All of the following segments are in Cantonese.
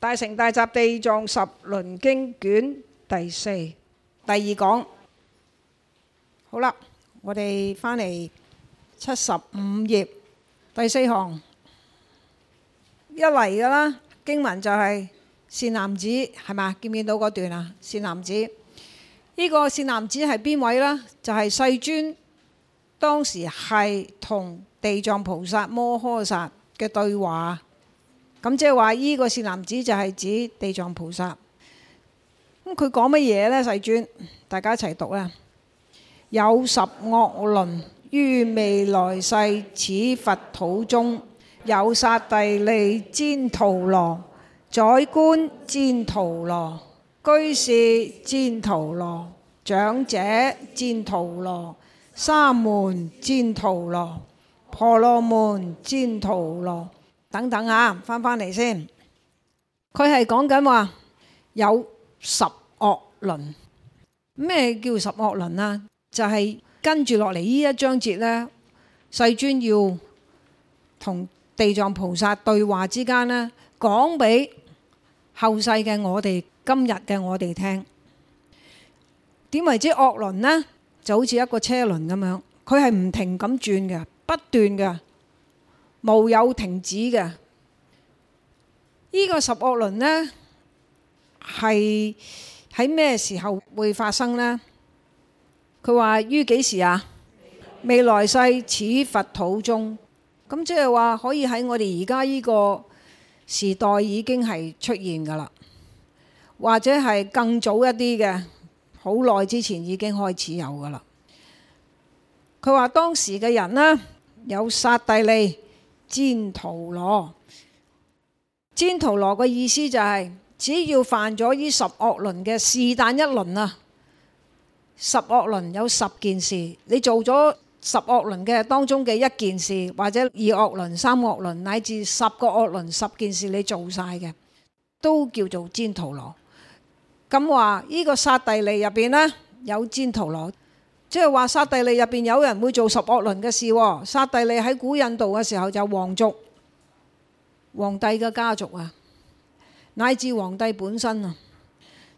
大乘大集地藏十輪經卷第四第二講，好啦，我哋返嚟七十五頁第四行，一嚟噶啦經文就係善男子係嘛，見唔見到嗰段啊？善男子，呢個善男子係邊位呢？就係世尊，當時係同地藏菩薩摩訶薩嘅對話。咁即係話呢個善男子就係指地藏菩薩。咁佢講乜嘢呢？世尊，大家一齊讀啊：「有十惡輪於未來世，此佛土中有剎帝利旃荼羅、宰官旃荼羅、居士旃荼羅、長者旃荼羅、沙門旃荼羅、婆羅門旃荼羅。等等啊，翻返嚟先。佢係講緊話有十惡輪。咩叫十惡輪啊？就係跟住落嚟呢一章節呢，世尊要同地藏菩薩對話之間呢，講俾後世嘅我哋、今日嘅我哋聽。點為之惡輪呢？就好似一個車輪咁樣，佢係唔停咁轉嘅，不斷嘅。冇有停止嘅，呢個十惡輪呢，係喺咩時候會發生呢？佢話於幾時啊？未來世此佛土中，咁即係話可以喺我哋而家呢個時代已經係出現噶啦，或者係更早一啲嘅，好耐之前已經開始有噶啦。佢話當時嘅人呢，有剎帝利。旃荼羅，旃荼羅嘅意思就係、是、只要犯咗呢十惡輪嘅是但一輪啊，十惡輪有十件事，你做咗十惡輪嘅當中嘅一件事或者二惡輪、三惡輪乃至十個惡輪十件事你做晒嘅，都叫做旃荼羅。咁話呢個剎帝利入邊呢，有旃荼羅。即係話剎帝利入邊有人會做十惡輪嘅事。哦，剎帝利喺古印度嘅時候就皇族，皇帝嘅家族啊，乃至皇帝本身啊。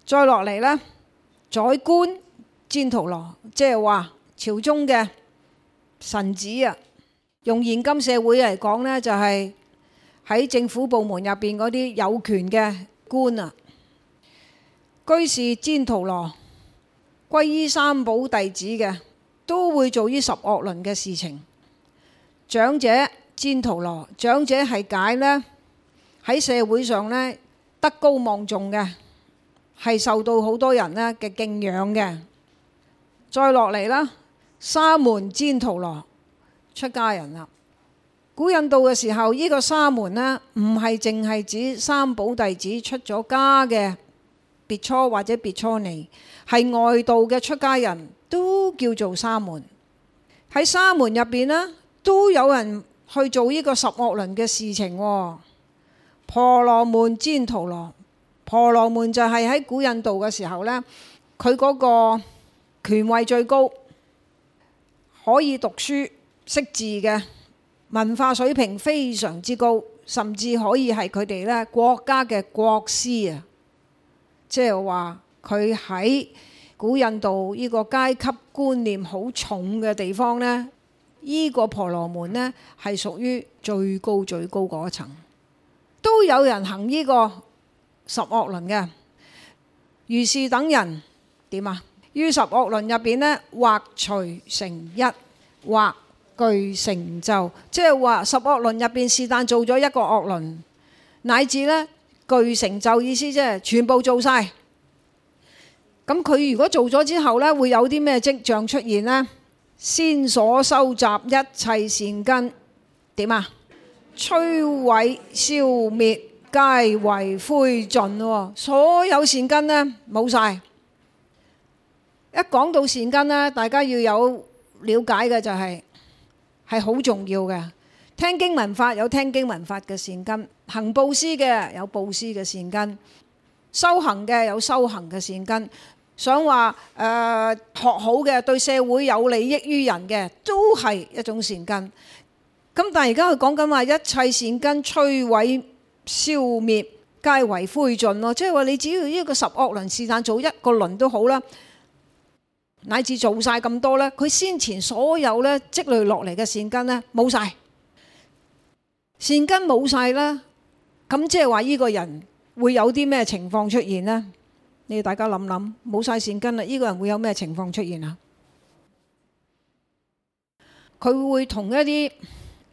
再落嚟呢，宰官旃荼羅，即係話朝中嘅臣子啊，用現今社會嚟講呢，就係、是、喺政府部門入邊嗰啲有權嘅官啊。居士旃荼羅。歸依三寶弟子嘅都會做呢十惡輪嘅事情。長者旃荼羅，長者係解呢？喺社會上呢，德高望重嘅，係受到好多人呢嘅敬仰嘅。再落嚟啦，沙門旃荼羅，出家人啦。古印度嘅時候，呢個沙門呢，唔係淨係指三寶弟子出咗家嘅。別初或者別初尼係外道嘅出家人都叫做沙門。喺沙門入邊呢，都有人去做呢個十惡輪嘅事情。婆羅門、旃荼羅、婆羅門就係喺古印度嘅時候呢，佢嗰個權位最高，可以讀書識字嘅文化水平非常之高，甚至可以係佢哋呢國家嘅國師啊。即係話佢喺古印度呢個階級觀念好重嘅地方呢，依、這個婆羅門呢係屬於最高最高嗰層，都有人行呢個十惡輪嘅，如是等人點啊？於十惡輪入邊呢，或隨成一，或具成就。即係話十惡輪入邊是但做咗一個惡輪，乃至呢。具成就意思啫，全部做晒。咁佢如果做咗之後呢，會有啲咩跡象出現呢？先所修集一切善根，點啊？摧毀、消滅，皆為灰燼。所有善根呢，冇晒。一講到善根呢，大家要有了解嘅就係，係好重要嘅。聽經聞法有聽經聞法嘅善根，行布施嘅有布施嘅善根，修行嘅有修行嘅善根，想話誒、呃、學好嘅對社會有利益於人嘅，都係一種善根。咁但係而家佢講緊話，一切善根摧毀、消滅，皆為灰燼咯。即係話你只要呢個十惡輪是但做一個輪都好啦，乃至做晒咁多呢，佢先前所有呢積累落嚟嘅善根呢，冇晒。善根冇晒啦，咁即係話依個人會有啲咩情況出現呢？你哋大家諗諗，冇晒善根啦，依個人會有咩情況出現啊？佢會同一啲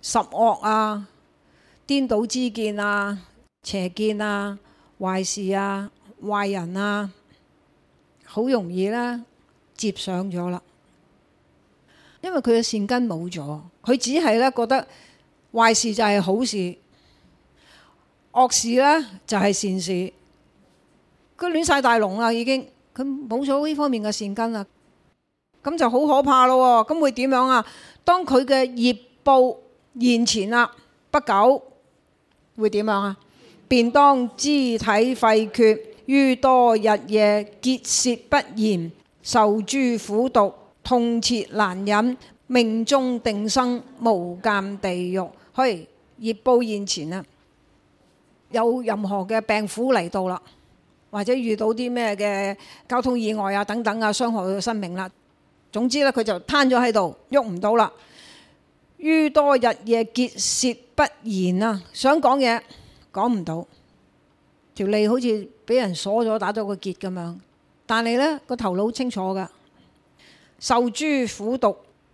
十惡啊、顛倒之見啊、邪見啊、壞事啊、壞人啊，好容易咧接上咗啦，因為佢嘅善根冇咗，佢只係咧覺得。壞事就係好事，惡事呢就係善事。佢亂晒大龍啦，已經佢冇咗呢方面嘅善根啦，咁就好可怕咯。咁會點樣啊？當佢嘅業報現前啦，不久會點樣啊？便當肢體廢缺，於多日夜結舌不言，受諸苦毒，痛切難忍。命終定生無間地獄。去熱報現前啊！有任何嘅病苦嚟到啦，或者遇到啲咩嘅交通意外啊等等啊，傷害佢嘅生命啦。總之咧，佢就攤咗喺度，喐唔到啦。於多日夜結舌不言啊，想講嘢講唔到，條脷好似俾人鎖咗打咗個結咁樣。但係呢，個頭腦好清楚噶，受諸苦毒。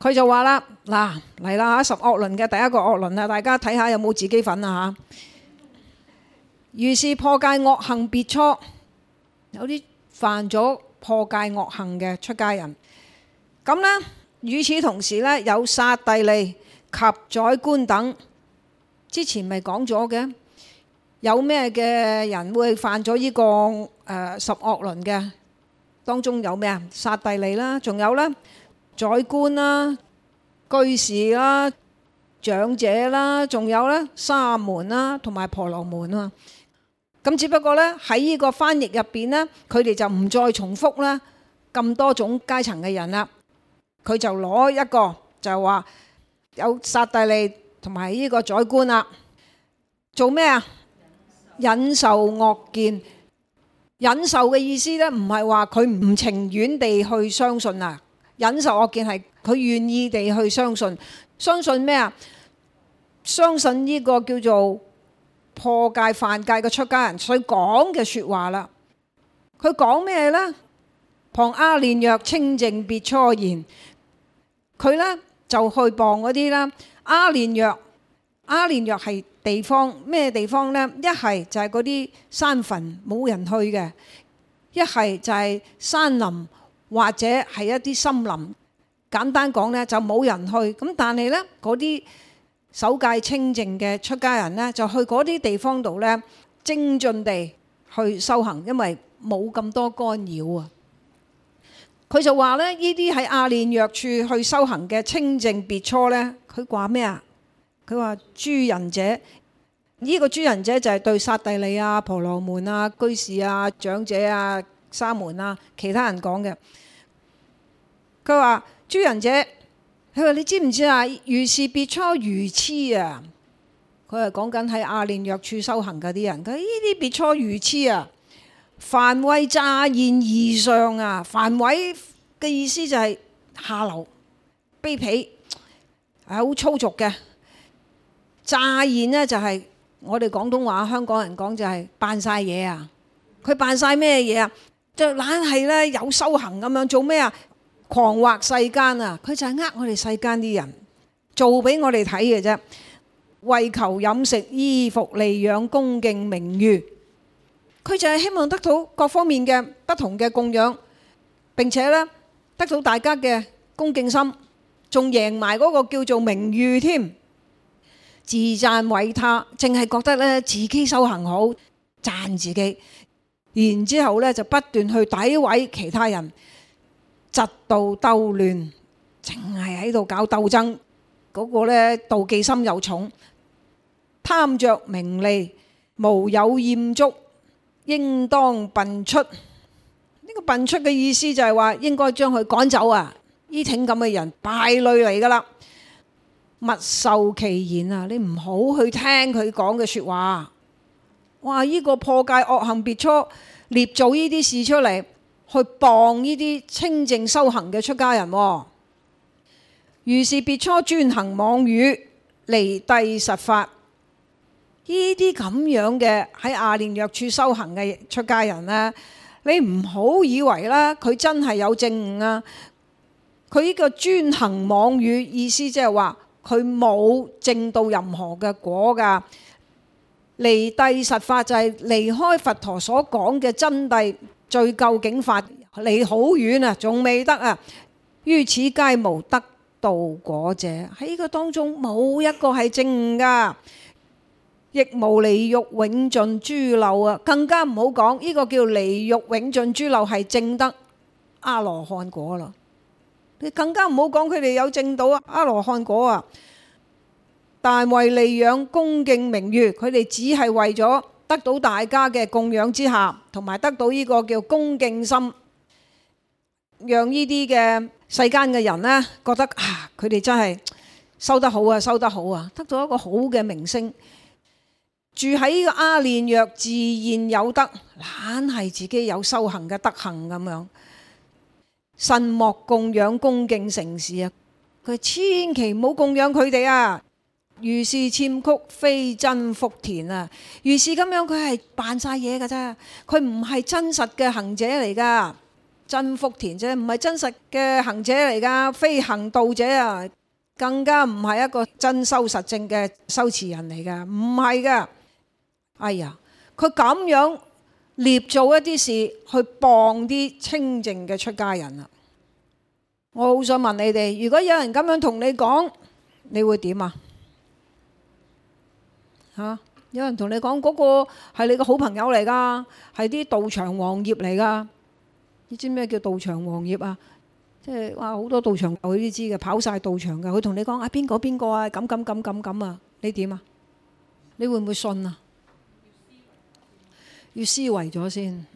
佢就話啦，嗱嚟啦吓，十惡輪嘅第一個惡輪啊，大家睇下有冇自己份啊吓。如是破戒惡行苾芻，有啲犯咗破戒惡行嘅出家人。咁咧，與此同時咧，有剎帝利及宰官等。之前咪講咗嘅，有咩嘅人會犯咗呢個誒十惡輪嘅？當中有咩啊？剎帝利啦，仲有咧。宰官啦、居士啦、長者啦，仲有咧沙門啦，同埋婆羅門啊。咁只不過咧喺呢個翻譯入邊咧，佢哋就唔再重複啦咁多種階層嘅人啦。佢就攞一個就係話有剎帝利同埋呢個宰官啦，做咩啊？忍受惡見，忍受嘅意思咧，唔係話佢唔情願地去相信啊。忍受惡見係佢願意地去相信，相信咩啊？相信呢個叫做破戒犯戒嘅出家人所講嘅説話啦。佢講咩呢？「謗阿練若清淨苾芻言」，佢呢就去謗嗰啲啦。阿練若，阿練若係地方，咩地方呢？一係就係嗰啲山墳冇人去嘅，一係就係山林。或者係一啲森林，簡單講咧就冇人去，咁但係咧嗰啲守戒清淨嘅出家人咧就去嗰啲地方度咧精進地去修行，因為冇咁多干擾啊。佢就話咧：呢啲喺阿練若處去修行嘅清淨苾芻咧，佢話咩啊？佢話：諸仁者，呢個諸仁者就係對剎帝利啊、婆羅門啊、居士啊、長者啊。沙門啦、啊，其他人講嘅，佢話：諸仁者，佢話你知唔知啊？如是苾芻愚癡啊！佢係講緊喺阿練若處修行嗰啲人，佢呢啲苾芻愚癡啊！凡猥詐現異相啊！凡猥嘅意思就係下流、卑鄙，係好粗俗嘅。詐現呢、就是，就係我哋廣東話、香港人講就係扮晒嘢啊！佢扮晒咩嘢啊？就懶係咧有修行咁樣做咩啊？誑惑世間啊！佢就係呃我哋世間啲人做俾我哋睇嘅啫，為求飲食、衣服、利養、恭敬、名譽，佢就係希望得到各方面嘅不同嘅供養，並且咧得到大家嘅恭敬心，仲贏埋嗰個叫做名譽添，自讚毀他，淨係覺得咧自己修行好，讚自己。然之後呢，就不斷去詆毀其他人，嫉妒鬥亂，淨係喺度搞鬥爭。嗰、那個咧妒忌心又重，貪着名利，無有厭足，應當擯黜。呢、這個擯黜嘅意思就係話，應該將佢趕走啊！依種咁嘅人，敗類嚟噶啦，勿受其言啊！你唔好去聽佢講嘅説話。哇！呢、這個破戒惡行苾芻捏造呢啲事出嚟，去謗呢啲清淨修行嘅出，、哦、出家人。於是苾芻專行妄語，離諦實法。呢啲咁樣嘅喺阿練若處修行嘅出家人呢，你唔好以為呢，佢真係有證悟啊！佢呢個專行妄語意思即係話，佢冇證到任何嘅果㗎。離諦實法就係離開佛陀所講嘅真諦最究竟法，離好遠啊，仲未得啊，於此皆無得道果者，喺呢個當中冇一個係證㗎，亦無離欲永盡諸漏啊，更加唔好講呢個叫離欲永盡諸漏係證得阿羅漢果啦，你更加唔好講佢哋有證到阿羅漢果啊！但為利養恭敬名譽，佢哋只係為咗得到大家嘅供養之下，同埋得到呢個叫恭敬心，讓呢啲嘅世間嘅人呢覺得啊，佢哋真係修得好啊，修得好啊，得到一個好嘅名聲，住喺呢個阿練若自然有德，懶係自己有修行嘅德行咁樣。慎莫供養恭敬承事啊！佢千祈唔好供養佢哋啊！如是諂曲非真福田啊！如是咁樣，佢係扮晒嘢嘅啫，佢唔係真實嘅行者嚟噶，真福田啫，唔係真實嘅行者嚟噶，非行道者啊，更加唔係一個真修實證嘅修持人嚟噶，唔係噶，哎呀，佢咁樣捏造一啲事去傍啲清淨嘅出家人啊！我好想問你哋，如果有人咁樣同你講，你會點啊？啊！有人同你講嗰個係你個好朋友嚟噶，係啲道場王業嚟噶。你知咩叫道場王業啊？即係哇，好多道場佢都知嘅，跑晒道場噶。佢同你講啊，邊個邊個啊，咁咁咁咁咁啊，你點啊？你會唔會信啊？要思維咗先，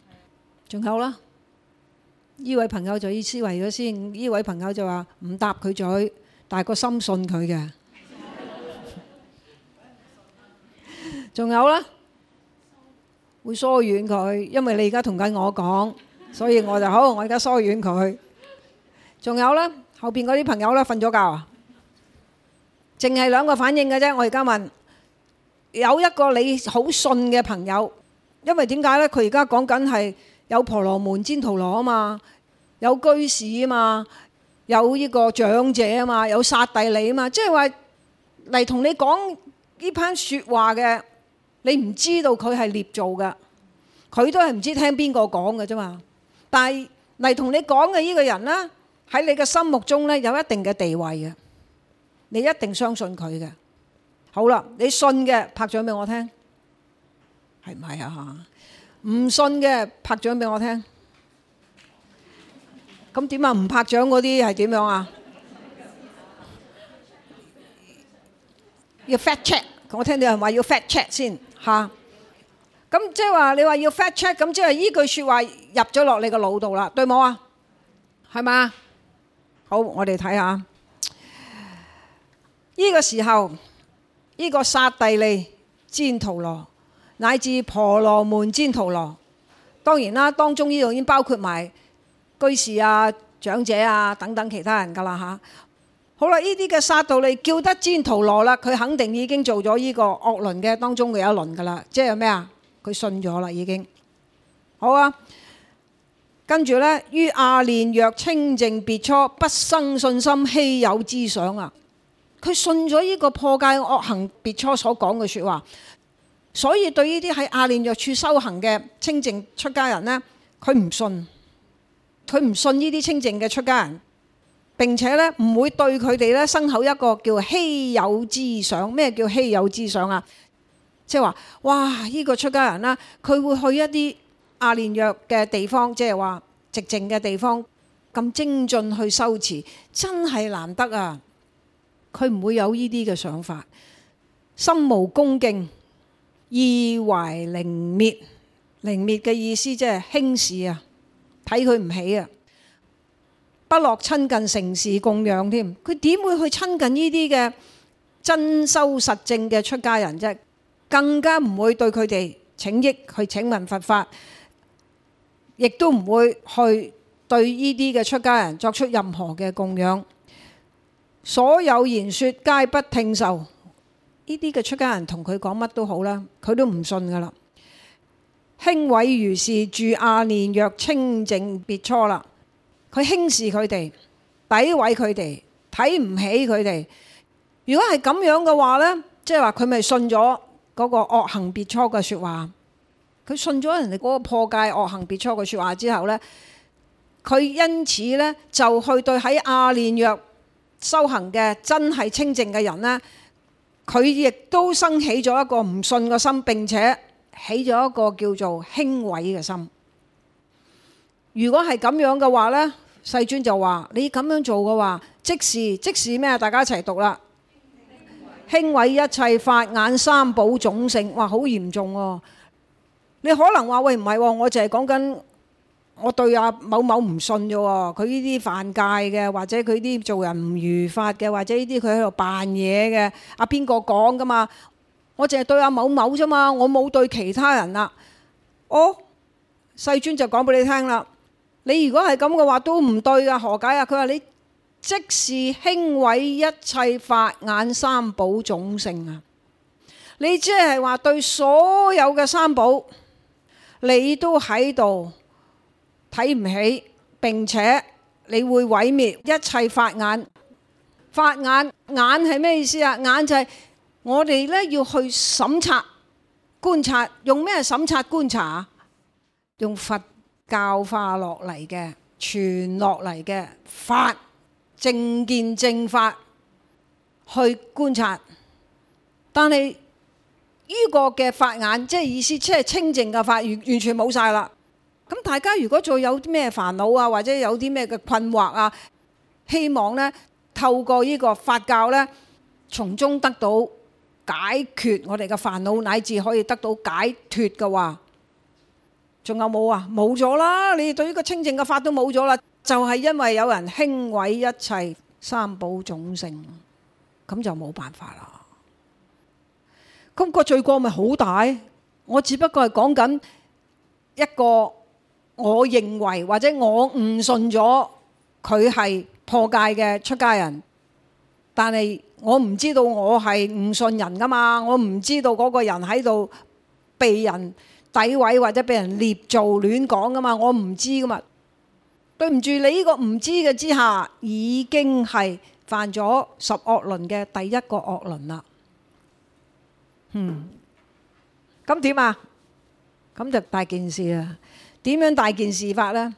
仲有啦。呢位朋友就要思維咗先。呢位朋友就話唔答佢嘴，但係個心信佢嘅。仲有啦，會疏遠佢，因為你而家同緊我講，所以我就好，我而家疏遠佢。仲有呢，後邊嗰啲朋友呢，瞓咗覺啊，淨係兩個反應嘅啫。我而家問，有一個你好信嘅朋友，因為點解呢？佢而家講緊係有婆羅門、旃荼羅啊嘛，有居士啊嘛，有呢個長者啊嘛，有剎帝利啊嘛，即係話嚟同你講呢番説話嘅。你唔知道佢係捏造噶，佢都係唔知聽邊個講嘅啫嘛。但係嚟同你講嘅呢個人咧，喺你嘅心目中咧，有一定嘅地位嘅，你一定相信佢嘅。好啦，你信嘅拍掌俾我聽，係唔係啊？唔信嘅拍掌俾我聽。咁點啊？唔拍掌嗰啲係點樣啊？要 fact check，我聽到人話要 fact check 先。嚇！咁、啊嗯、即係話你話要 fact check，咁即係依句説話入咗落你個腦度啦，對冇啊？係嘛吧？好，我哋睇下呢個時候，呢、這個剎帝利、旃荼羅乃至婆羅門、旃荼羅，當然啦，當中呢度已經包括埋居士啊、長者啊等等其他人噶啦嚇。啊好啦，呢啲嘅剎帝利叫得旃荼羅啦，佢肯定已經做咗呢個惡輪嘅當中嘅一輪噶啦，即係咩啊？佢信咗啦，已經好啊。跟住呢，於阿練若清淨苾芻不生信心稀有之想啊！佢信咗呢個破戒惡行苾芻所講嘅説話，所以對呢啲喺阿練若處修行嘅清淨出家人呢，佢唔信，佢唔信呢啲清淨嘅出家人。並且咧唔會對佢哋咧生口一個叫稀有之想。咩叫稀有之想啊？即係話，哇！呢個出家人啦，佢會去一啲阿練若嘅地方，即係話寂靜嘅地方，咁精進去修持，真係難得啊！佢唔會有呢啲嘅想法，心無恭敬，意懷陵蔑。陵蔑嘅意思即係輕視啊，睇佢唔起啊！不樂親近承事供養添，佢點會去親近呢啲嘅真修實證嘅出家人啫？更加唔會對佢哋請益，去請問佛法，亦都唔會去對呢啲嘅出家人作出任何嘅供養。所有言説皆不聽受，呢啲嘅出家人同佢講乜都好啦，佢都唔信噶啦。輕毀如是，住阿練若清淨苾芻啦。佢輕視佢哋，詆毀佢哋，睇唔起佢哋。如果係咁樣嘅話呢，即係話佢咪信咗嗰個惡行苾芻嘅説話。佢信咗人哋嗰個破戒惡行苾芻嘅説話之後呢，佢因此呢就去對喺阿練若修行嘅真係清淨嘅人呢，佢亦都生起咗一個唔信嘅心，並且起咗一個叫做輕毀嘅心。如果係咁樣嘅話呢。世尊就話：你咁樣做嘅話，即是即是咩？大家一齊讀啦。輕毀一切法眼三寶種性，哇，好嚴重喎，哦！你可能話喂唔係，哦，我淨係講緊，我對阿某某唔信啫。佢呢啲犯戒嘅，或者佢啲做人唔如法嘅，或者呢啲佢喺度扮嘢嘅，阿邊個講噶嘛？我淨係對阿某某啫嘛，我冇對其他人啦。哦，世尊就講俾你聽啦。你如果係咁嘅話，都唔對噶，何解啊？佢話你即是輕毀一切法眼三寶種性啊！你即係話對所有嘅三寶，你都喺度睇唔起，並且你會毀滅一切法眼。法眼眼係咩意思啊？眼就係我哋呢要去審察觀察，用咩審察觀察？用佛。教化落嚟嘅，傳落嚟嘅法、正見、正法去觀察，但係呢個嘅法眼，即係意思即係清淨嘅法，完完全冇晒啦。咁大家如果再有啲咩煩惱啊，或者有啲咩嘅困惑啊，希望呢透過呢個法教呢，從中得到解決我哋嘅煩惱，乃至可以得到解脫嘅話，仲有冇啊？冇咗啦！你哋對於個清淨嘅法都冇咗啦，就係因為有人輕毀一切三寶種性，咁就冇辦法啦。咁個罪過咪好大？我只不過係講緊一個我認為或者我誤信咗佢係破戒嘅出家人，但係我唔知道我係誤信人噶嘛，我唔知道嗰個人喺度被人。詆毀或者俾人捏造亂講噶嘛？我唔知噶嘛，對唔住，你呢個唔知嘅之下，已經係犯咗十惡輪嘅第一個惡輪啦。嗯，咁點啊？咁就大件事啦。點樣大件事法呢？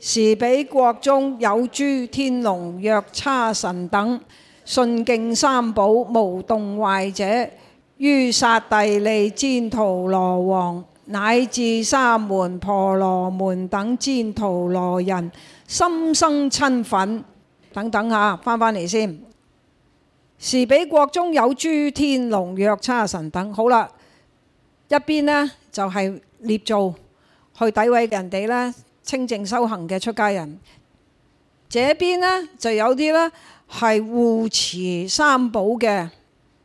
時彼國中有諸天龍藥叉神等信敬三寶無動壞者。於刹帝利旃荼羅王乃至沙門婆羅門等旃荼羅人心生瞋忿，等等吓，翻返嚟先。時彼國中有諸天龍、藥叉神等。好啦，一邊呢就係、是、捏造去詆毀人哋呢清淨修行嘅出家人，這邊呢就有啲呢係護持三寶嘅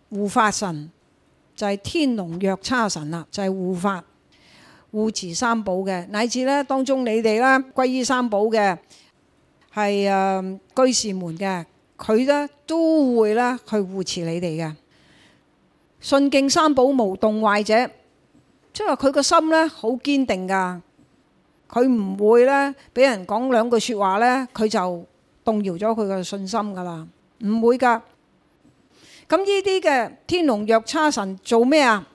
護法神。就係天龍藥叉神啦，就係、是、護法、護持三寶嘅，乃至咧當中你哋啦，歸依三寶嘅，係誒、呃、居士們嘅，佢咧都會咧去護持你哋嘅。信敬三寶無動壞者，即係話佢個心咧好堅定噶，佢唔會咧俾人講兩句説話咧，佢就動搖咗佢個信心噶啦，唔會噶。咁呢啲嘅天龍藥叉神做咩啊？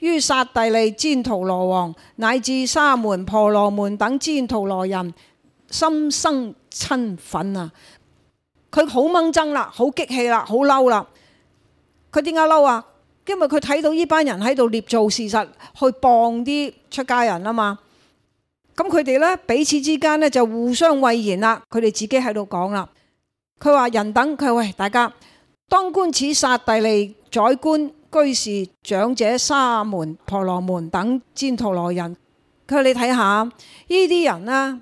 於剎帝利、旃荼羅王乃至沙門婆羅門等旃荼羅人，心生瞋忿啊！佢好掹憎啦，好激氣啦，好嬲啦！佢點解嬲啊？因為佢睇到呢班人喺度捏造事實去謗啲出家人啊嘛！咁佢哋咧彼此之間咧就互相謂言啦，佢哋自己喺度講啦。佢話，仁等，佢話，喂大家。當觀此剎帝利宰官居士長者沙門婆羅門等旃荼羅人，佢話你睇下呢啲人啦，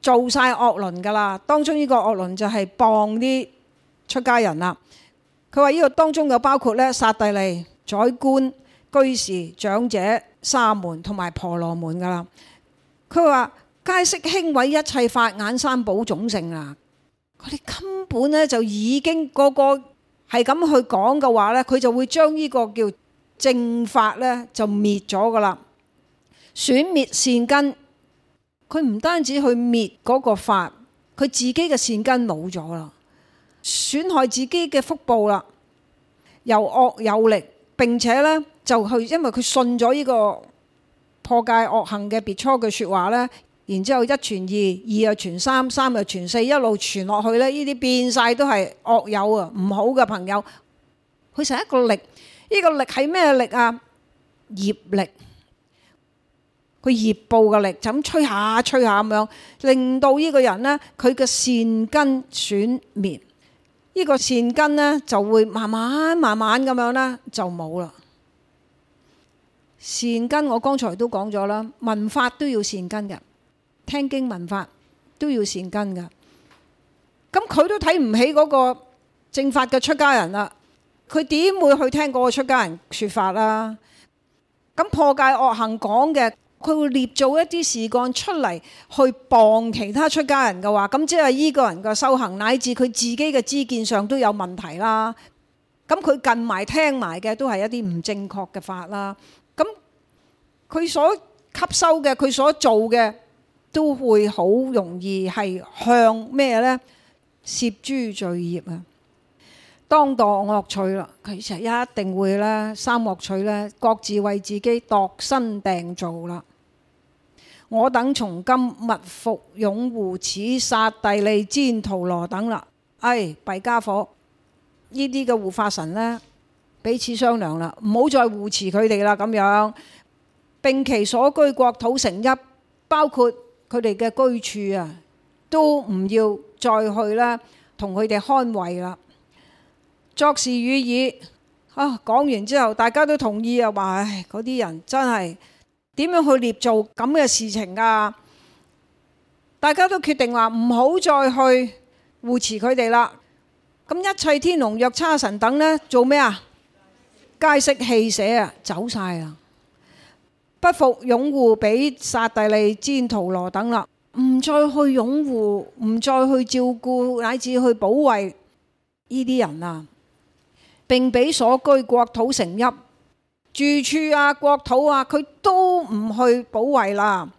做晒惡輪噶啦。當中呢個惡輪就係謗啲出家人啦。佢話呢個當中有包括呢剎帝利宰官居士長者沙門同埋婆羅門噶啦。佢話皆悉輕毀一切法眼三寶種性啦。佢哋根本呢，就已經、那個個。係咁去講嘅話呢，佢就會將呢個叫正法呢就滅咗㗎喇，損滅善根，佢唔單止去滅嗰個法，佢自己嘅善根冇咗啦，損害自己嘅福報啦，由惡友力並且呢就去，因為佢信咗呢個破戒惡行嘅苾芻嘅説話呢。然之後一傳二，二又傳三，三又傳四，一路傳落去咧，呢啲變晒都係惡友啊，唔好嘅朋友。佢成一個力，呢個力係咩力啊？業力，佢業報嘅力就咁吹下吹下咁樣，令到呢個人呢，佢嘅善根損滅。呢個善根呢，就會慢慢慢慢咁樣咧就冇啦。善根我剛才都講咗啦，聞法都要善根嘅。聽經聞法都要善根噶，咁佢都睇唔起嗰個正法嘅出家人啦，佢點會去聽嗰個出家人說法啦？咁破戒惡行講嘅，佢會捏造一啲事幹出嚟，去謗其他出家人嘅話，咁即係依個人嘅修行乃至佢自己嘅知見上都有問題啦。咁佢近埋聽埋嘅都係一啲唔正確嘅法啦。咁佢所吸收嘅，佢所做嘅。都會好容易係向咩呢？攝諸罪業啊，當墮惡趣啦，佢成一定會呢，三惡趣呢，各自為自己度身訂造啦。我等從今勿復擁護此剎帝利旃荼羅等啦，哎，弊傢伙！呢啲嘅護法神呢，彼此商量啦，唔好再護持佢哋啦，咁樣並其所居國土城邑，包括。佢哋嘅居處啊，都唔要再去啦，同佢哋捍衛啦。作是語已啊，講完之後，大家都同意啊，話唉，嗰啲人真係點樣去捏造咁嘅事情噶？大家都決定話唔好再去護持佢哋啦。咁一切天龍、藥叉神等呢，做咩啊？皆悉棄捨啊，走晒啊！不復擁護彼剎帝利、旃荼羅等啦，唔再去擁護，唔再去照顧，乃至去保衞呢啲人啦、啊。並彼所居國土城邑住處啊，國土啊，佢都唔去保衞啦。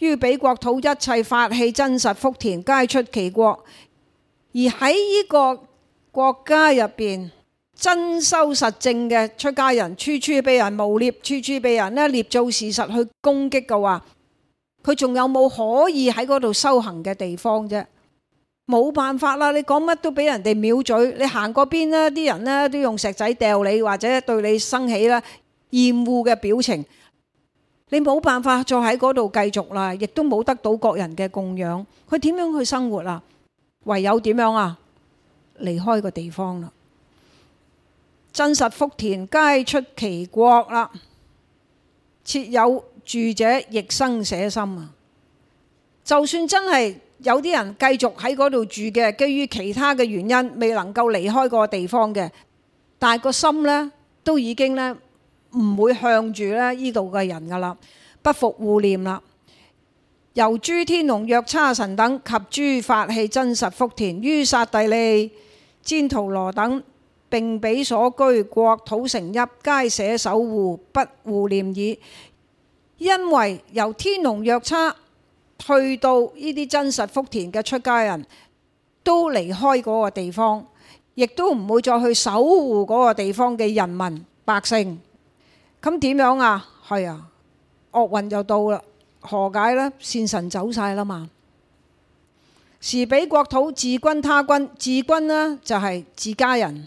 於彼國土一切法器真實福田皆出其國。而喺呢個國家入邊。真修實證嘅出家人，處處俾人誣衊，處處俾人呢捏造事實去攻擊嘅話，佢仲有冇可以喺嗰度修行嘅地方啫？冇辦法啦！你講乜都俾人哋藐嘴，你行過邊呢？啲人呢都用石仔掉你，或者對你生起啦厭惡嘅表情，你冇辦法再喺嗰度繼續啦，亦都冇得到各人嘅供養，佢點樣去生活啊？唯有點樣啊？離開個地方啦！真實福田皆出其國啦，設有住者亦生捨心啊！就算真係有啲人繼續喺嗰度住嘅，基於其他嘅原因未能夠離開個地方嘅，但係個心呢都已經呢唔會向住呢呢度嘅人噶啦，不復護念啦。由諸天龍藥叉神等及諸法器真實福田於剎帝利旃荼羅等。並彼所居國土城邑，皆捨守護，不護念已。因為由天龍藥叉，去到呢啲真實福田嘅出家人，都離開嗰個地方，亦都唔會再去守護嗰個地方嘅人民百姓。咁點樣，樣啊？係啊，惡運就到啦。何解呢？善神走晒啦嘛。時彼國土自軍他軍，自軍呢，就係、是、自家人。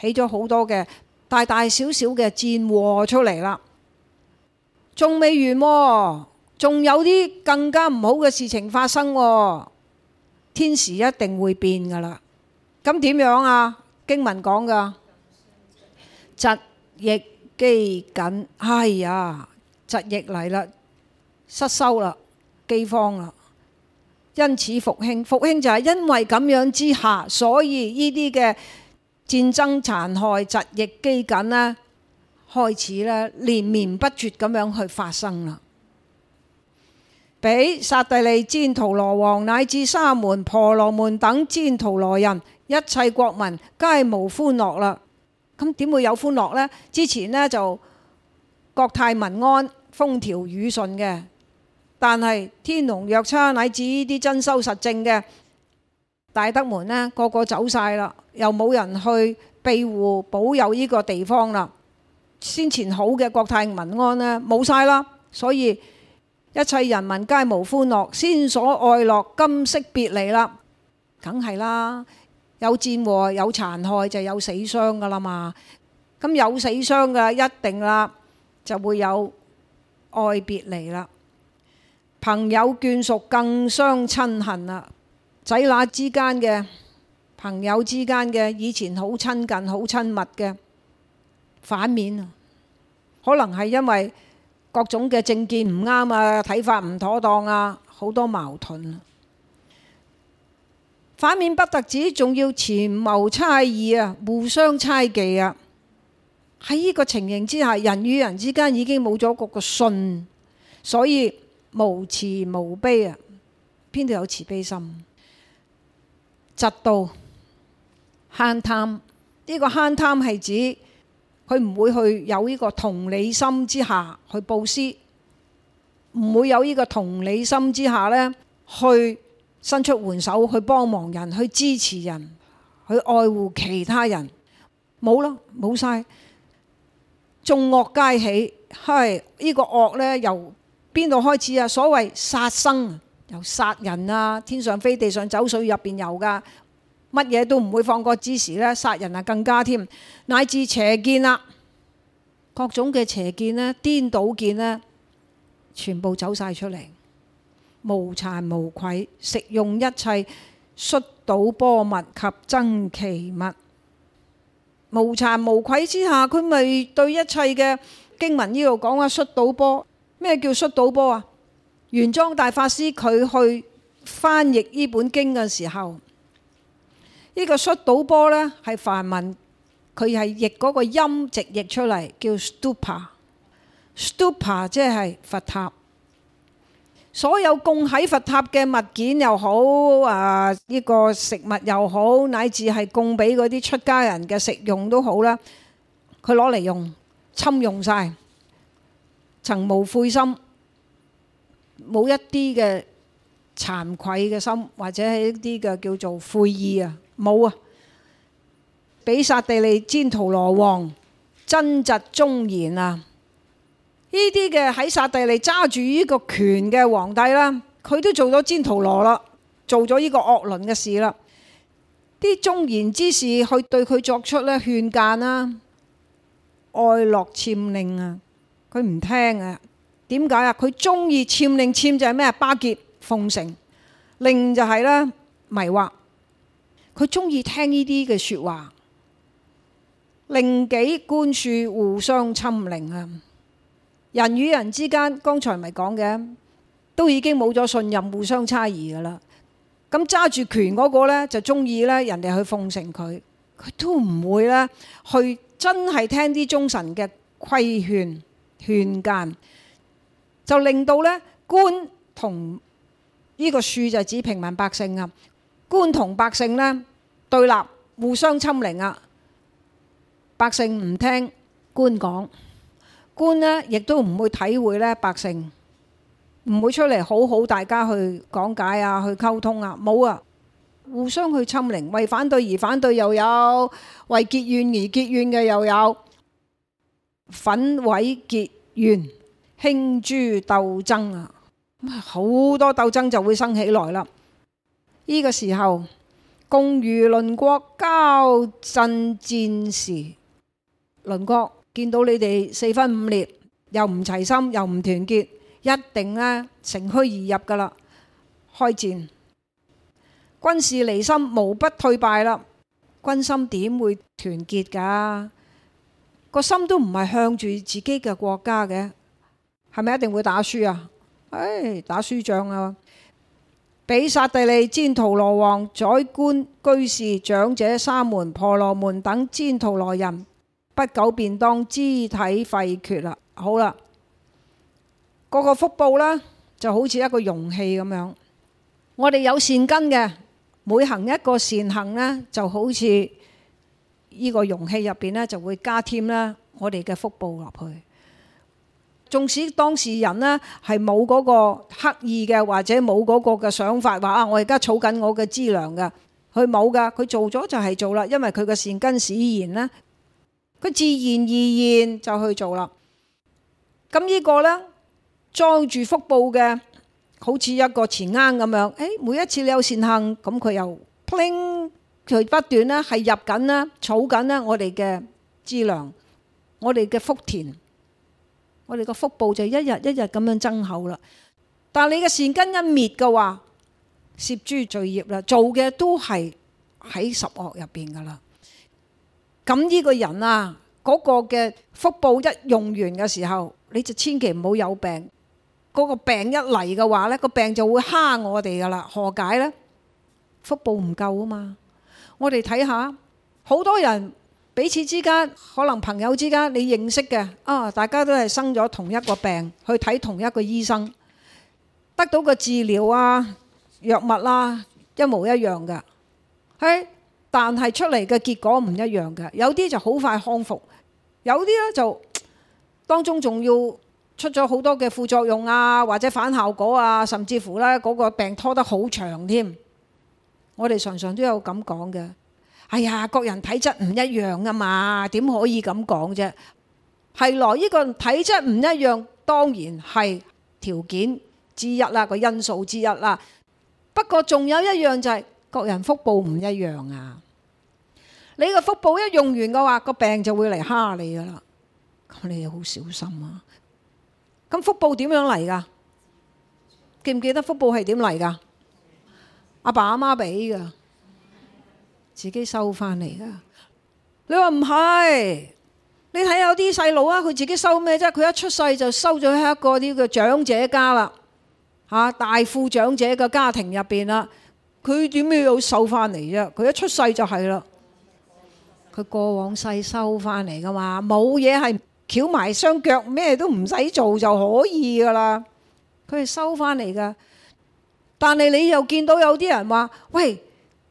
起咗好多嘅大大小小嘅戰禍出嚟啦，仲未完喎，仲有啲更加唔好嘅事情發生喎。天時一定會變噶啦，咁點樣啊？經文講噶，疾疫饑饉，哎呀，疾疫嚟啦，失收啦，饑荒啦，因此復興，復興就係因為咁樣之下，所以呢啲嘅。戰爭殘害、疾疫饑饉、饑饉呢開始咧連綿不絕咁樣去發生啦。彼剎帝利旃荼羅王乃至沙門、婆羅門等旃荼羅人，一切國民皆無歡樂啦。咁點會有歡樂呢？之前呢，就國泰民安、風調雨順嘅，但係天龍藥叉乃至呢啲真修實證嘅。大德門呢，個個走晒啦，又冇人去庇護保佑呢個地方啦。先前好嘅國泰民安呢，冇晒啦。所以一切人民皆無歡樂，先所愛樂今悉別離啦，梗係啦。有戰禍，有殘害，就有死傷噶啦嘛。咁有死傷嘅一定啦，就會有愛別離啦。朋友眷屬更相瞋恨啦。仔乸之間嘅朋友之間嘅以前好親近、好親密嘅反面，可能係因為各種嘅政見唔啱啊，睇法唔妥當啊，好多矛盾。反面不特止，仲要潛謀猜貳啊，互相猜忌啊。喺呢個情形之下，人與人之間已經冇咗嗰個信，所以無慈無悲啊，邊度有慈悲心？嫉妒慳貪，呢、呢個慳貪係指佢唔會去有呢個同理心之下去布施，唔會有呢個同理心之下呢去伸出援手去幫忙人，去支持人，去愛護其他人，冇咯，冇晒。眾惡皆起，係、呢個、呢個惡呢由邊度開始啊？所謂殺生。又殺人啊！天上飛，地上走，水面游，水入邊遊噶，乜嘢都唔會放過之時呢，殺人啊更加添，乃至邪見啊，各種嘅邪見咧，顛倒見咧，全部走晒出嚟，無慚無愧，食用一切，窣堵波物及僧祇物。無慚無愧之下，佢咪對一切嘅經文呢度講啊，窣堵波，咩叫窣堵波啊？玄奘大法師佢去翻譯呢本經嘅時候，呢個窣堵波呢係梵文，佢係譯嗰個音直譯出嚟叫 stupa，stupa 即係佛塔。所有供喺佛塔嘅物件又好啊，呢個食物又好，乃至係供俾嗰啲出家人嘅食用都好啦，佢攞嚟用，侵用晒，曾無悔心。冇一啲嘅慚愧嘅心，或者係一啲嘅叫做悔意啊，冇啊！彼剎帝利、旃荼羅王、憎嫉忠賢啊，呢啲嘅喺剎帝利揸住呢個權嘅皇帝啦，佢都做咗旃荼羅啦，做咗呢個惡輪嘅事啦，啲忠言之士去對佢作出咧勸諫啊，愛樂諂佞啊，佢唔聽啊！點解啊？佢中意諂佞，諂就係咩？巴結奉承，佞就係咧迷惑。佢中意聽呢啲嘅説話，令己官庶互相侵凌啊！人與人之間，剛才咪講嘅，都已經冇咗信任，互相猜疑噶啦。咁揸住權嗰個咧就中意咧，人哋去奉承佢，佢都唔會咧去真係聽啲忠臣嘅規勸、勸諫。就令到咧官同呢個庶就指平民百姓啊，官同百姓咧對立，互相侵凌啊！百姓唔聽官講，官咧亦都唔會體會咧百姓，唔會出嚟好好大家去講解啊，去溝通啊，冇啊！互相去侵凌，為反對而反對又有，為結怨而結怨嘅又有，憤恚結怨。嗯興諸鬥爭啊，好多鬥爭就會生起來啦。呢個時候，共餘鄰國交陣戰時，鄰國見到你哋四分五裂，又唔齊心，又唔團結，一定呢，乘虛而入噶啦。開戰，軍士離心，無不退敗啦。軍心點會團結噶？個心都唔係向住自己嘅國家嘅。係咪一定會打輸啊？唉，打輸仗啊！彼剎帝利、旃荼羅王、宰官、居士、長者、沙門、婆羅門等旃荼羅人，不久便當肢體廢缺啦。好啦，嗰個福報呢就好似一個容器咁樣。我哋有善根嘅，每行一個善行呢，就好似呢個容器入邊呢，就會加添啦，我哋嘅福報落去。縱使當事人咧係冇嗰個刻意嘅，或者冇嗰個嘅想法，話啊，我而家儲緊我嘅資糧㗎，佢冇噶，佢做咗就係做啦，因為佢嘅善根使然咧，佢自然而然就去做啦。咁呢個咧裝住福報嘅，好似一個錢罌咁樣，誒，每一次你有善行，咁佢又 pling，佢不斷咧係入緊咧，儲緊咧我哋嘅資糧，我哋嘅福田。我哋個福報就一日一日咁樣增厚啦，但你嘅善根一滅嘅話，攝諸罪業啦，做嘅都係喺十惡入邊噶啦。咁呢個人啊，嗰個嘅福報一用完嘅時候，你就千祈唔好有病。嗰個病一嚟嘅話，呢個病就會蝦我哋噶啦，何解呢？福報唔夠啊嘛！我哋睇下，好多人。彼此之間可能朋友之間你認識嘅啊、哦，大家都係生咗同一個病，去睇同一個醫生，得到個治療啊、藥物啊，一模一樣㗎。嘿，但係出嚟嘅結果唔一樣㗎，有啲就好快康復，有啲咧就當中仲要出咗好多嘅副作用啊，或者反效果啊，甚至乎咧嗰個病拖得好長添。我哋常常都有咁講嘅。哎呀，各人體質唔一樣啊嘛，點可以咁講啫？係來呢個體質唔一樣，當然係條件之一啦，個因素之一啦。不過仲有一樣就係各人福報唔一樣啊。你個福報一用完嘅話，個病就會嚟蝦你噶啦。咁你又好小心啊！咁福報點樣嚟噶？記唔記得福報係點嚟噶？阿爸阿媽俾噶。自己收翻嚟噶，你話唔係？你睇有啲細路啊，佢自己收咩啫？佢一出世就收咗喺一個呢個長者家啦，嚇大富長者嘅家庭入邊啦，佢點解要收翻嚟啫？佢一出世就係啦，佢過往世收翻嚟噶嘛，冇嘢係翹埋雙腳咩都唔使做就可以噶啦，佢係收翻嚟噶。但係你又見到有啲人話：喂。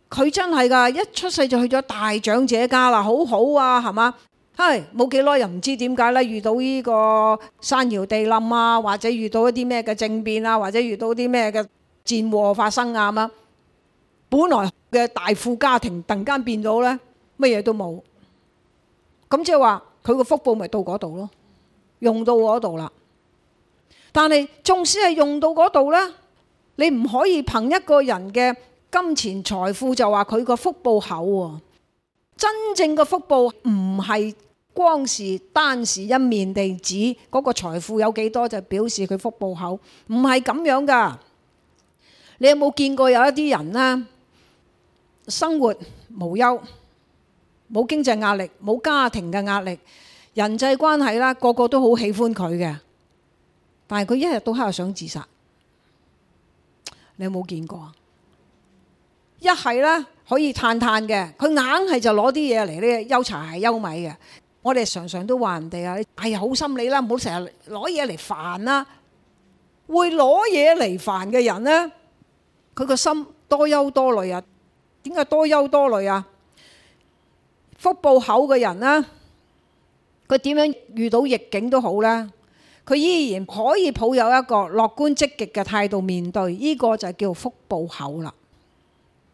佢真係噶，一出世就去咗大長者家啦，好好啊，係嘛？係，冇幾耐又唔知點解呢，遇到呢個山搖地冧啊，或者遇到一啲咩嘅政變啊，或者遇到啲咩嘅戰禍發生啊咁啊，本來嘅大富家庭突然間變到呢，乜嘢都冇，咁即係話佢個福報咪到嗰度咯，用到嗰度啦。但係縱使係用到嗰度呢，你唔可以憑一個人嘅。金錢財富就話佢個福報厚，真正嘅福報唔係光是單是一面地指嗰個財富有幾多就表示佢福報厚，唔係咁樣噶。你有冇見過有一啲人啦，生活無憂，冇經濟壓力，冇家庭嘅壓力，人際關係啦，個個都好喜歡佢嘅，但係佢一日到黑又想自殺，你有冇見過啊？一係咧可以嘆嘆嘅，佢硬係就攞啲嘢嚟呢。憂柴係憂米嘅。我哋常常都話人哋啊，哎呀，好心理啦，唔好成日攞嘢嚟煩啦，啊。會攞嘢嚟煩嘅人呢，佢個心多憂多慮啊。點解多憂多慮啊？福報厚嘅人呢，佢點樣遇到逆境都好啦，佢依然可以抱有一個樂觀積極嘅態度面對。呢、這個就叫福報厚啦。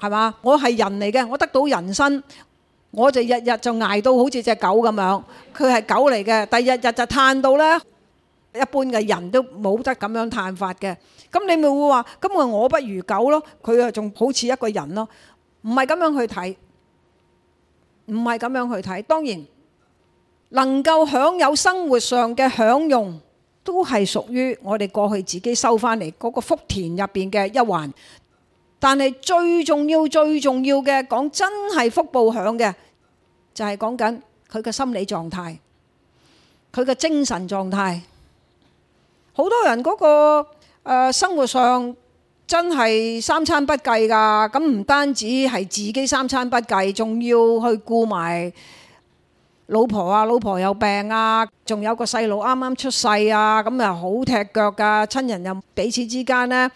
係嘛？我係人嚟嘅，我得到人身，我就日日就捱到好似隻狗咁樣。佢係狗嚟嘅，但日日就嘆到啦。一般嘅人都冇得咁樣嘆法嘅。咁你咪會話，咁咪我不如狗咯？佢啊仲好似一個人咯。唔係咁樣去睇，唔係咁樣去睇。當然能夠享有生活上嘅享用，都係屬於我哋過去自己收返嚟嗰個福田入邊嘅一環。但係最重要、最重要嘅，講真係福報響嘅，就係講緊佢嘅心理狀態，佢嘅精神狀態。好多人嗰個誒生活上真係三餐不繼㗎，咁唔單止係自己三餐不繼，仲要去顧埋老婆啊，老婆有病啊，仲有個細路啱啱出世啊，咁啊好踢腳㗎，親人又彼此之間呢。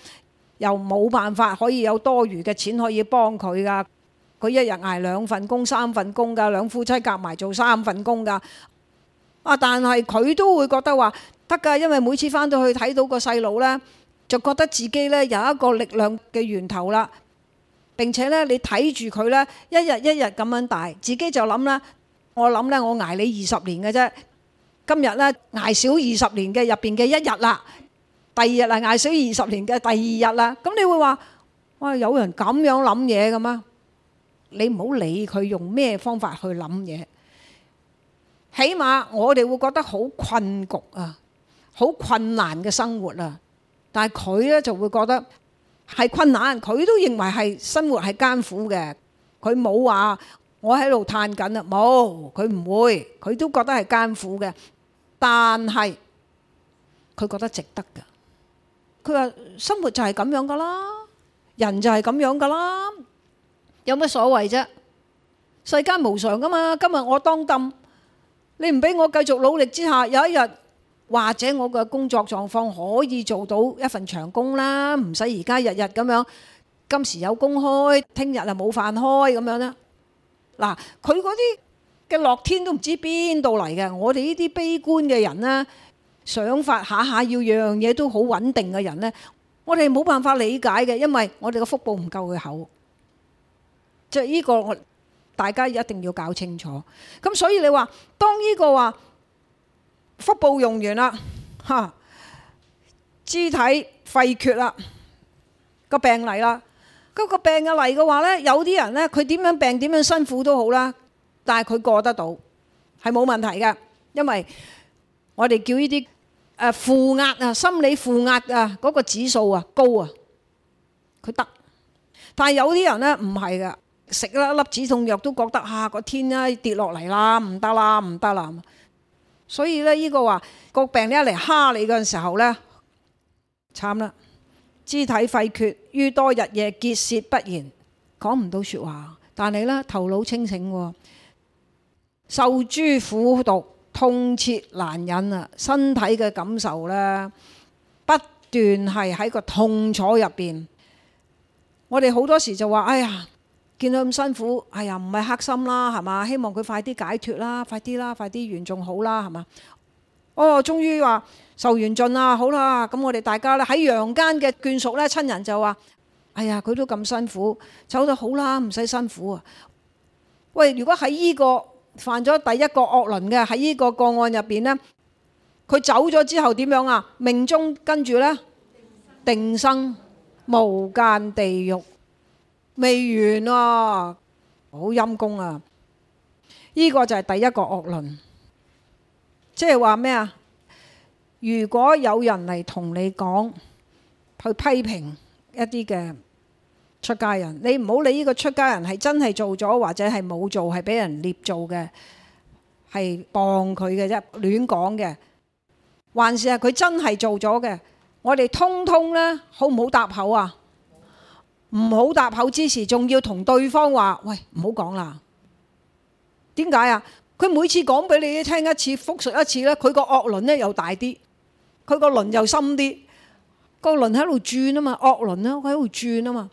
又冇辦法可以有多餘嘅錢可以幫佢㗎，佢一日捱兩份工、三份工㗎，兩夫妻夾埋做三份工㗎。啊！但係佢都會覺得話得㗎，因為每次返到去睇到個細佬呢，就覺得自己呢有一個力量嘅源頭啦。並且呢，你睇住佢呢一日一日咁樣大，自己就諗啦，我諗呢，我捱你二十年嘅啫。今日呢，捱少二十年嘅入邊嘅一日啦。第二日啦，捱少二十年嘅第二日啦，咁你會話哇，有人咁樣諗嘢嘅咩？你唔好理佢用咩方法去諗嘢，起碼我哋會覺得好困局啊，好困難嘅生活啊。但係佢呢就會覺得係困難，佢都認為係生活係艱苦嘅。佢冇話我喺度嘆緊啊，冇，佢唔會，佢都覺得係艱苦嘅，但係佢覺得值得㗎。佢話：生活就係咁樣噶啦，人就係咁樣噶啦，有乜所謂啫？世間無常噶嘛，今日我當冧，你唔俾我繼續努力之下，有一日或者我嘅工作狀況可以做到一份長工啦，唔使而家日日咁樣，今時有工開，聽日就冇飯開咁樣啦。嗱，佢嗰啲嘅樂天都唔知邊度嚟嘅，我哋呢啲悲觀嘅人呢。想法下下要樣樣嘢都好穩定嘅人咧，我哋冇辦法理解嘅，因為我哋個腹部唔夠佢厚，即係依個大家一定要搞清楚。咁所以你話當依個話腹部用完啦，吓肢體廢缺啦，個病嚟啦。個、個病嘅嚟嘅話咧，有啲人咧，佢點樣病點樣辛苦都好啦，但係佢過得到係冇問題嘅，因為我哋叫呢啲。誒負壓啊，心理負壓啊，嗰個指數啊高啊，佢得。但係有啲人呢，唔係噶，食一粒止痛藥都覺得嚇個、啊、天啊跌落嚟啦，唔得啦唔得啦。所以呢，呢、這個話個病咧一嚟蝦你嘅時候呢，慘啦，肢體廢缺，於多日夜結舌不言，講唔到説話。但係呢，頭腦清醒喎，受諸苦毒。痛切難忍啊，身體嘅感受呢，不斷係喺個痛楚入邊。我哋好多時就話：，哎呀，見到咁辛苦，哎呀，唔係黑心啦，係嘛？希望佢快啲解脫啦，快啲啦，快啲完仲好啦，係嘛？哦，終於話受完盡啦，好啦，咁我哋大家咧喺陽間嘅眷屬呢，親人就話：，哎呀，佢都咁辛苦，走得好啦，唔使辛苦啊。喂，如果喺呢個。犯咗第一個惡輪嘅，喺呢個個案入邊呢，佢走咗之後點樣啊？命終跟住呢，定生無間地獄未完啊！好陰功啊！呢、這個就係第一個惡輪，即係話咩啊？如果有人嚟同你講，去批評一啲嘅。出家人，你唔好理呢個出家人係真係做咗，或者係冇做，係俾人捏造嘅，係幫佢嘅啫，亂講嘅。還是係佢真係做咗嘅，我哋通通咧好唔好搭口啊？唔好搭口之時，仲要同對方話：喂，唔好講啦。點解啊？佢每次講俾你聽一次，復述一次咧，佢個惡輪咧又大啲，佢個輪又深啲，個輪喺度轉啊嘛，惡輪啊，佢喺度轉啊嘛。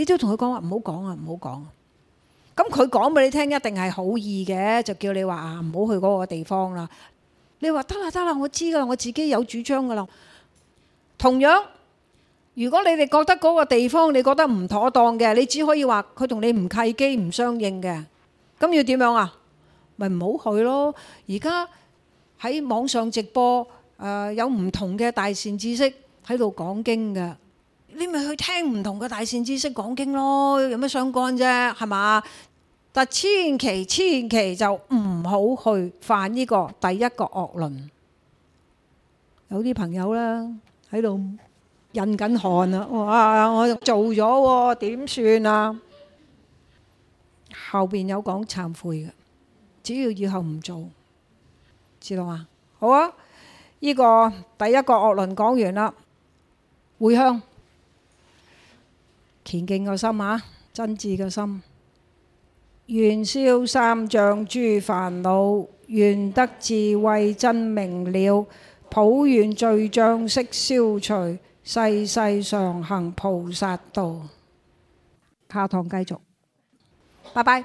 你都要同佢講話唔好講啊，唔好講。咁佢講俾你聽，一定係好意嘅，就叫你話啊，唔好去嗰個地方啦。你話得啦，得啦，我知噶啦，我自己有主張噶啦。同樣，如果你哋覺得嗰個地方你覺得唔妥當嘅，你只可以話佢同你唔契機、唔相應嘅。咁要點樣啊？咪唔好去咯。而家喺網上直播誒，有唔同嘅大善知識喺度講經嘅。你咪去聽唔同嘅大善知識講經咯，有咩相干啫？係嘛？但千祈千祈就唔好去犯呢個第一個惡輪。有啲朋友啦喺度引緊汗啦，我啊，我做咗點算啊？後邊有講懺悔嘅，只要以後唔做知道嘛？好啊！呢個第一個惡輪講完啦，回鄉。虔敬個心啊，真摯個心。願消三障諸煩惱，願得智慧真明了，普願罪障悉消除，世世常行菩薩道。下堂繼續，拜拜。